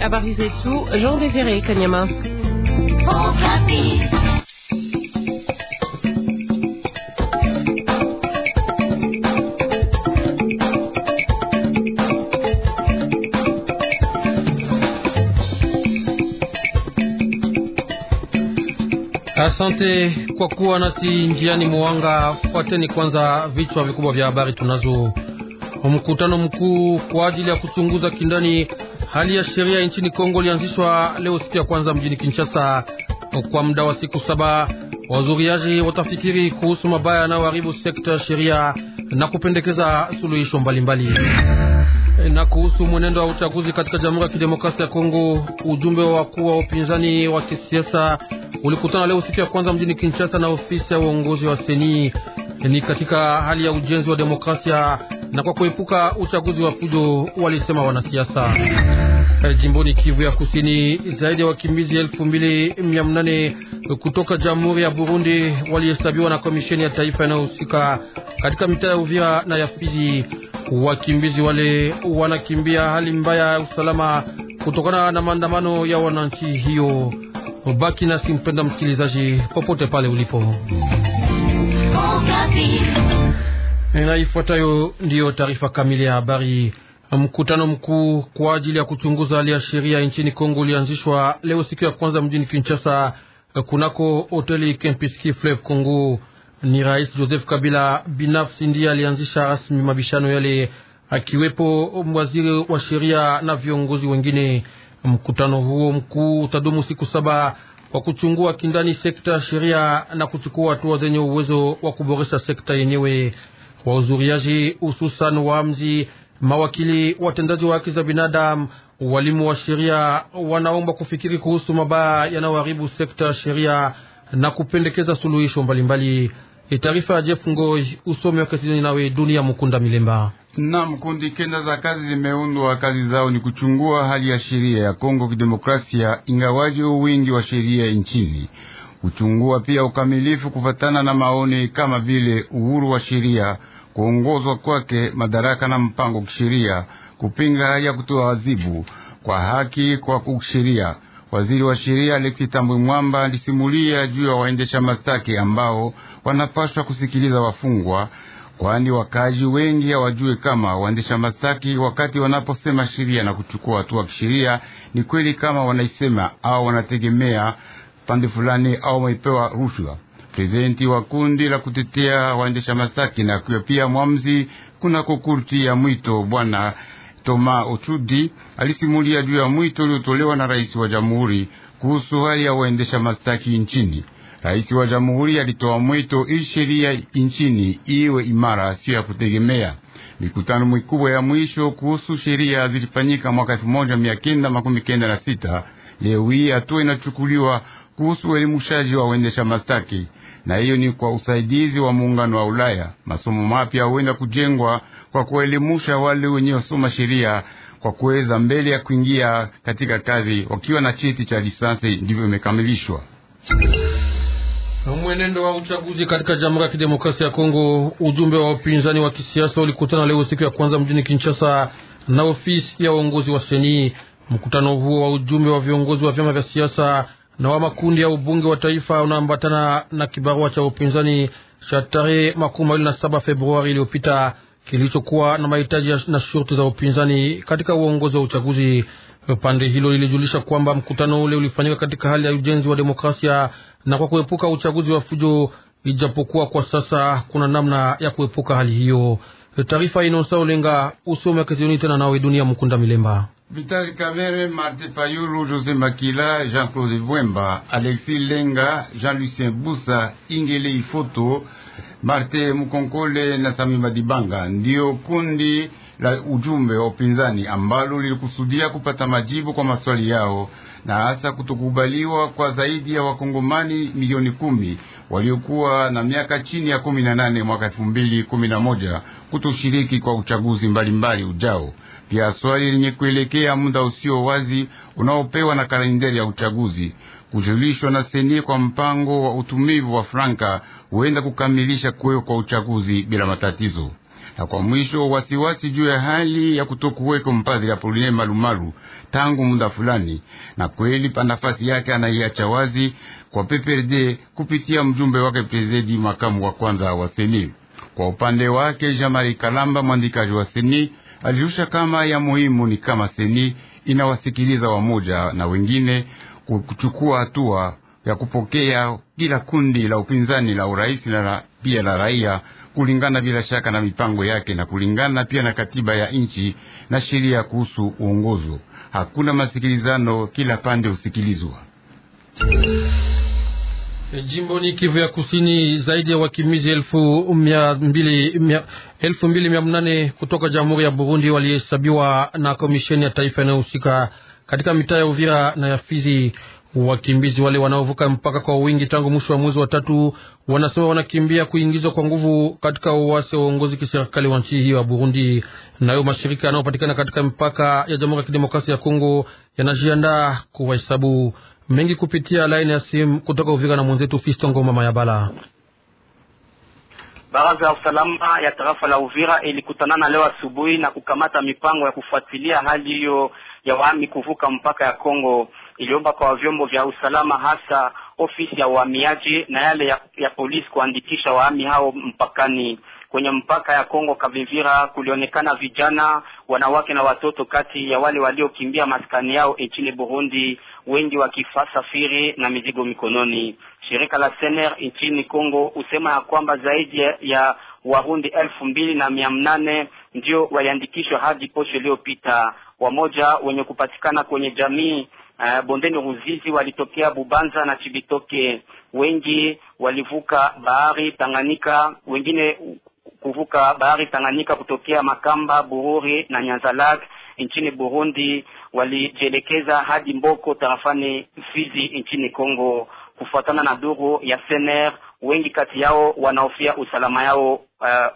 Habari zetu Jean Desire Kanyama. Asante kwa kuwa nasi njiani mwanga. Fuateni kwanza vichwa vikubwa vya habari tunazo. Mkutano mkuu kwa ajili ya kuchunguza kindani hali ya sheria nchini Kongo ilianzishwa leo siku ya kwanza mjini Kinshasa. Kwa muda wa siku saba, wazuriaji watafikiri kuhusu mabaya yanayoharibu sekta ya sheria na kupendekeza suluhisho mbalimbali. Na kuhusu mwenendo wa uchaguzi katika Jamhuri ya Kidemokrasia ya Kongo, ujumbe wa wakuu wa upinzani wa kisiasa ulikutana leo siku ya kwanza mjini Kinshasa na ofisi ya uongozi wa seni ni katika hali ya ujenzi wa demokrasia na kwa kuepuka uchaguzi wa fujo, walisema wanasiasa eh, jimboni Kivu ya Kusini. Zaidi ya wakimbizi elfu mbili mia nane kutoka Jamhuri ya Burundi walihesabiwa na komisheni ya taifa inayohusika katika mitaa ya Uvira na ya Fizi. Wakimbizi wale wanakimbia hali mbaya ya usalama kutokana na maandamano ya wananchi hiyo. Baki nasi mpenda msikilizaji, popote pale ulipo. Oh, na ifuatayo ndiyo taarifa kamili ya habari. Mkutano mkuu kwa ajili ya kuchunguza hali ya sheria nchini Kongo ulianzishwa leo siku ya kwanza mjini Kinshasa, kunako hoteli Kempiski Fleuve Congo. Ni Rais Joseph Kabila binafsi ndiye alianzisha rasmi mabishano yale, akiwepo waziri wa sheria na viongozi wengine. Mkutano huo mkuu utadumu siku saba kwa kuchungua kindani sekta ya sheria na kuchukua hatua zenye uwezo wa kuboresha sekta yenyewe wauzuriaji, hususan waamzi, mawakili, watendaji wa haki za binadamu, walimu wa sheria, wanaomba kufikiri kuhusu mabaya yanayoharibu sekta ya sheria na kupendekeza suluhisho mbalimbali. Taarifa ya Jeff Ngoj, usomi wa Kesidoni nawe Dunia Mukunda Milemba. nam kundi kenda za kazi zimeundwa. Kazi zao ni kuchungua hali ya sheria ya Kongo Kidemokrasia, ingawaje wingi wa sheria nchini kuchungua pia ukamilifu kufatana na maoni kama vile uhuru wa sheria, kuongozwa kwake madaraka na mpango kisheria, kupinga ya kutoa wazibu kwa haki kwa kusheria. Waziri wa sheria Alexi Tambwe Mwamba alisimulia juu ya waendesha mastaki ambao wanapaswa kusikiliza wafungwa, kwani wakaji wengi hawajue kama waendesha mastaki wakati wanaposema sheria na kuchukua hatua kisheria ni kweli kama wanaisema au wanategemea pande fulani au wamepewa rushwa. Prezidenti wa kundi la kutetea waendesha masaki na kuyo pia mwamzi kuna kokurti ya mwito bwana Toma Ochudi alisimulia juu ya mwito uliotolewa na rais wa jamhuri kuhusu hali ya waendesha mashtaki nchini. Rais wa jamhuri alitoa mwito ili sheria nchini iwe imara, sio ya kutegemea. Mikutano mikubwa ya mwisho kuhusu sheria zilifanyika mwaka elfu moja mia kenda makumi kenda na sita. Leo hii hatua inachukuliwa kuhusu uelimushaji wa waendesha mastaki na hiyo ni kwa usaidizi wa muungano wa Ulaya. Masomo mapya huenda kujengwa kwa kuwaelimusha wale wenye wasoma sheria kwa kuweza mbele ya kuingia katika kazi wakiwa na cheti cha lisansi, ndivyo imekamilishwa. Mwenendo wa uchaguzi katika Jamhuri ya Kidemokrasia ya Kongo. Ujumbe wa upinzani wa kisiasa ulikutana leo siku ya kwanza mjini Kinshasa na ofisi ya uongozi wa Seni. Mkutano huo wa ujumbe wa viongozi wa vyama vya siasa na wa makundi ya ubunge wa taifa unaambatana na kibarua cha upinzani cha tarehe makumi mawili na saba Februari iliyopita kilichokuwa na mahitaji na shurti za upinzani katika uongozi wa uchaguzi. Pande hilo lilijulisha kwamba mkutano ule ulifanyika katika hali ya ujenzi wa demokrasia na kwa kuepuka uchaguzi wa fujo, ijapokuwa kwa sasa kuna namna ya kuepuka hali hiyo. Taarifa inaosaulenga ulenga tena nawe dunia mkunda milemba Vitali Kamere, Marte Fayulu, Jose Makila, Jean-Claude Bwemba, Alexis Lenga, Jean-Lucien Busa, Ingele Ifoto, Marte Mukonkole na Sami Badibanga ndio kundi la ujumbe wa upinzani ambalo lilikusudia kupata majibu kwa maswali yao na hasa kutokubaliwa kwa zaidi ya wakongomani milioni kumi waliokuwa na miaka chini ya kumi na nane mwaka elfu mbili kumi na moja kutoshiriki kwa uchaguzi mbalimbali mbali ujao. Pia swali lenye kuelekea muda usio wazi unaopewa na kalendari ya uchaguzi kujulishwa na seni kwa mpango wa utumivu wa franka huenda kukamilisha kuwekwa kwa uchaguzi bila matatizo. Na kwa mwisho, wasiwasi juu ya hali ya kutokuweka ya Apoline Malumalu tangu muda fulani, na kweli pa nafasi yake anaiacha wazi kwa PPRD kupitia mjumbe wake prezidi makamu wa kwanza wa seni. Kwa upande wake, Jamari Kalamba mwandikaji wa seni alirusha kama ya muhimu ni kama seni inawasikiliza wamoja na wengine kuchukua hatua ya kupokea kila kundi la upinzani la urais na pia la raia kulingana bila shaka na mipango yake na kulingana pia na katiba ya nchi na sheria kuhusu uongozo. Hakuna masikilizano, kila pande husikilizwa. ni Kivu ya Kusini, zaidi ya wakimbizi elfu mia mbili mia elfu mbili mia mnane kutoka Jamhuri ya Burundi walihesabiwa na komisheni ya taifa inayohusika katika mitaa ya Uvira na ya Fizi. Wakimbizi wale wanaovuka mpaka kwa wingi tangu mwisho wa mwezi wa tatu wanasema wanakimbia kuingizwa kwa nguvu katika uwasi wa uongozi kiserikali wa nchi hiyo ya Burundi. Nayo mashirika yanayopatikana katika mpaka ya Jamhuri ya Kidemokrasia ya Kongo yanajiandaa kuwahesabu mengi kupitia laini ya simu kutoka Uvira na mwenzetu Fiston Ngoma Mayabala. Baraza ya usalama ya tarafa la Uvira ilikutanana leo asubuhi na kukamata mipango ya kufuatilia hali hiyo ya wami kuvuka mpaka ya Kongo iliomba kwa vyombo vya usalama hasa ofisi ya uhamiaji na yale ya, ya polisi kuandikisha wahami hao mpakani. Kwenye mpaka ya Kongo Kavivira kulionekana vijana, wanawake na watoto kati ya wale waliokimbia maskani yao nchini Burundi, wengi wakisafiri na mizigo mikononi. Shirika la Sener nchini Kongo husema ya kwamba zaidi ya Warundi elfu mbili na mia mnane ndio waliandikishwa hadi posho iliyopita. Wamoja wenye kupatikana kwenye jamii Eh, bondeni Ruzizi walitokea Bubanza na Chibitoke, wengi walivuka bahari Tanganyika, wengine kuvuka bahari Tanganyika kutokea Makamba, Bururi na Nyanzalak nchini Burundi, walijielekeza hadi Mboko tarafani Fizi nchini Kongo. Kufuatana na duru ya Sener, wengi kati yao wanaofia usalama yao uh,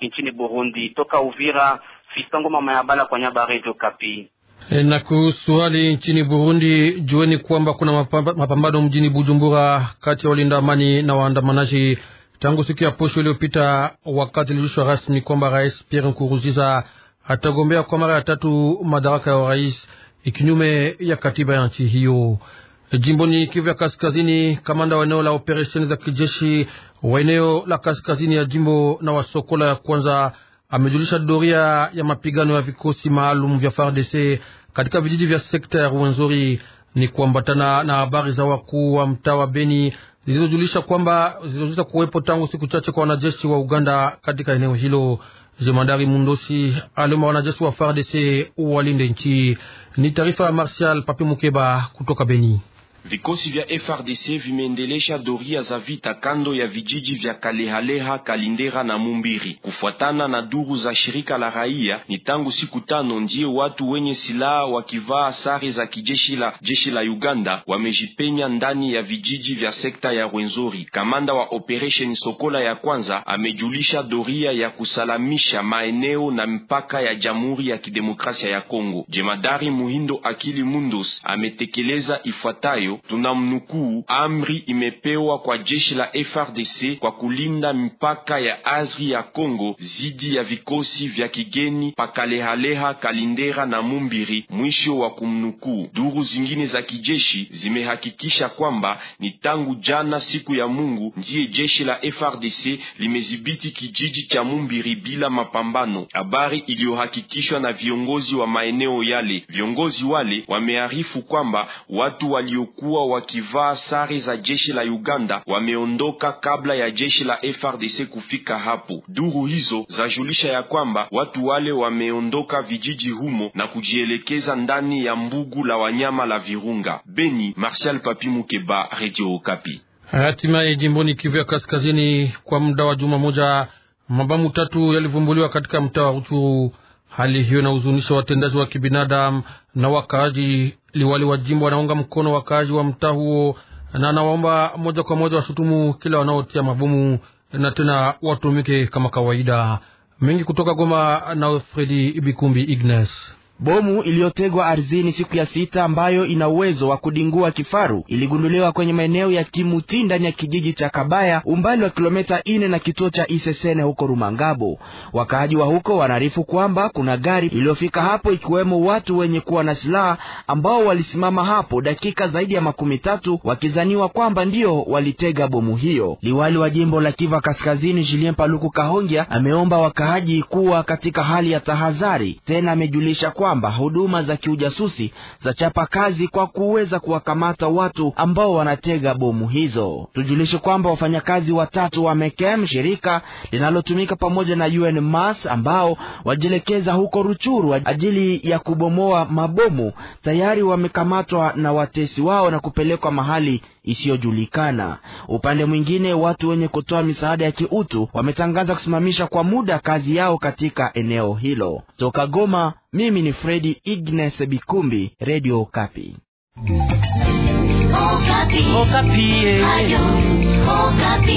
nchini Burundi. Toka Uvira, Fistongo mama ya bala kwa nyaba, Radio Kapi. Eh, na kuhusu hali nchini Burundi, jueni kwamba kuna mapambano mjini Bujumbura kati ya walinda amani na waandamanaji tangu siku ya posho iliyopita, wakati ilijulishwa rasmi kwamba Rais Pierre Nkurunziza atagombea kwa mara ya tatu madaraka ya urais ikinyume ya katiba ya nchi hiyo. Jimboni Kivu ya Kaskazini, kamanda wa eneo la operesheni za kijeshi wa eneo la kaskazini ya jimbo na Wasokola ya kwanza amejulisha doria ya mapigano ya vikosi maalum vya FARDC katika vijiji vya sekta ya Ruwenzori ni kuambatana na habari za wakuu wa mtaa wa Beni zilizojulisha kwamba zilizojulisha kuwepo tangu siku chache kwa wanajeshi wa Uganda katika eneo hilo. Jemandari Mundosi aliomba wanajeshi wa FARDC walinde nchi. Ni taarifa ya Marshal Papi Mukeba kutoka Beni. Vikosi vya FRDC vimeendelesha doria za vita kando ya vijiji vya Kalehaleha, Kalindera na Mumbiri. Kufuatana na duru za shirika la raia, ni tangu siku tano ndiye watu wenye silaha wakivaa sare za kijeshi la jeshi la Uganda wamejipenya ndani ya vijiji vya sekta ya Rwenzori. Kamanda wa Operation Sokola ya kwanza amejulisha doria ya kusalamisha maeneo na mpaka ya Jamhuri ya Kidemokrasia ya Kongo. Jemadari Muhindo Akili Mundus ametekeleza ifuatayo tunamnukuu, amri imepewa kwa jeshi la FRDC kwa kulinda mipaka ya azri ya Kongo zidi ya vikosi vya kigeni pakalehaleha, Kalindera na Mumbiri, mwisho wa kumnukuu. Duru zingine za kijeshi zimehakikisha kwamba ni tangu jana siku ya Mungu ndiye jeshi la FRDC limezibiti kijiji cha Mumbiri bila mapambano, habari iliyohakikishwa na viongozi wa maeneo yale. Viongozi wale wamearifu kwamba watu waliokuwa waliokuwa wakivaa sare za jeshi la Uganda wameondoka kabla ya jeshi la FRDC kufika hapo. Duru hizo zajulisha ya kwamba watu wale wameondoka vijiji humo na kujielekeza ndani ya mbugu la wanyama la Virunga. Beni, Marshal Papi Mukeba, Radio Okapi. Hatimaye jimboni Kivu ya Kaskazini, kwa muda wa juma moja, tatu yalivumbuliwa katika mtaa wa Ruchuru. Hali hiyo inahuzunisha watendaji wa kibinadamu na wakaaji. Liwali wa jimbo wanaunga mkono wakaaji wa mtaa huo na anawaomba moja kwa moja washutumu kila wanaotia mabomu na tena watumike kama kawaida. Mengi kutoka Goma na Fredi Bikumbi Ignace. Bomu iliyotegwa ardhini siku ya sita ambayo ina uwezo wa kudingua kifaru iligunduliwa kwenye maeneo ya Kimuti ndani ya kijiji cha Kabaya umbali wa kilomita ine na kituo cha Isesene huko Rumangabo. Wakaaji wa huko wanaarifu kwamba kuna gari iliyofika hapo ikiwemo watu wenye kuwa na silaha ambao walisimama hapo dakika zaidi ya makumi tatu wakizaniwa kwamba ndio walitega bomu hiyo. Liwali wa jimbo la Kiva Kaskazini Julien Paluku Kahongya ameomba wakaaji kuwa katika hali ya tahadhari, tena amejulisha kwa kwamba huduma za kiujasusi zachapa kazi kwa kuweza kuwakamata watu ambao wanatega bomu hizo. Tujulishe kwamba wafanyakazi watatu wa Mekem, e shirika linalotumika pamoja na UNMAS, ambao wajielekeza huko Ruchuru ajili ya kubomoa mabomu, tayari wamekamatwa na watesi wao na kupelekwa mahali isiyojulikana. Upande mwingine, watu wenye kutoa misaada ya kiutu wametangaza kusimamisha kwa muda kazi yao katika eneo hilo. Toka Goma, mimi ni Fredi ignes Bikumbi, Radio Okapi. Okapi. Okapi. Eh. Ayo, Okapi.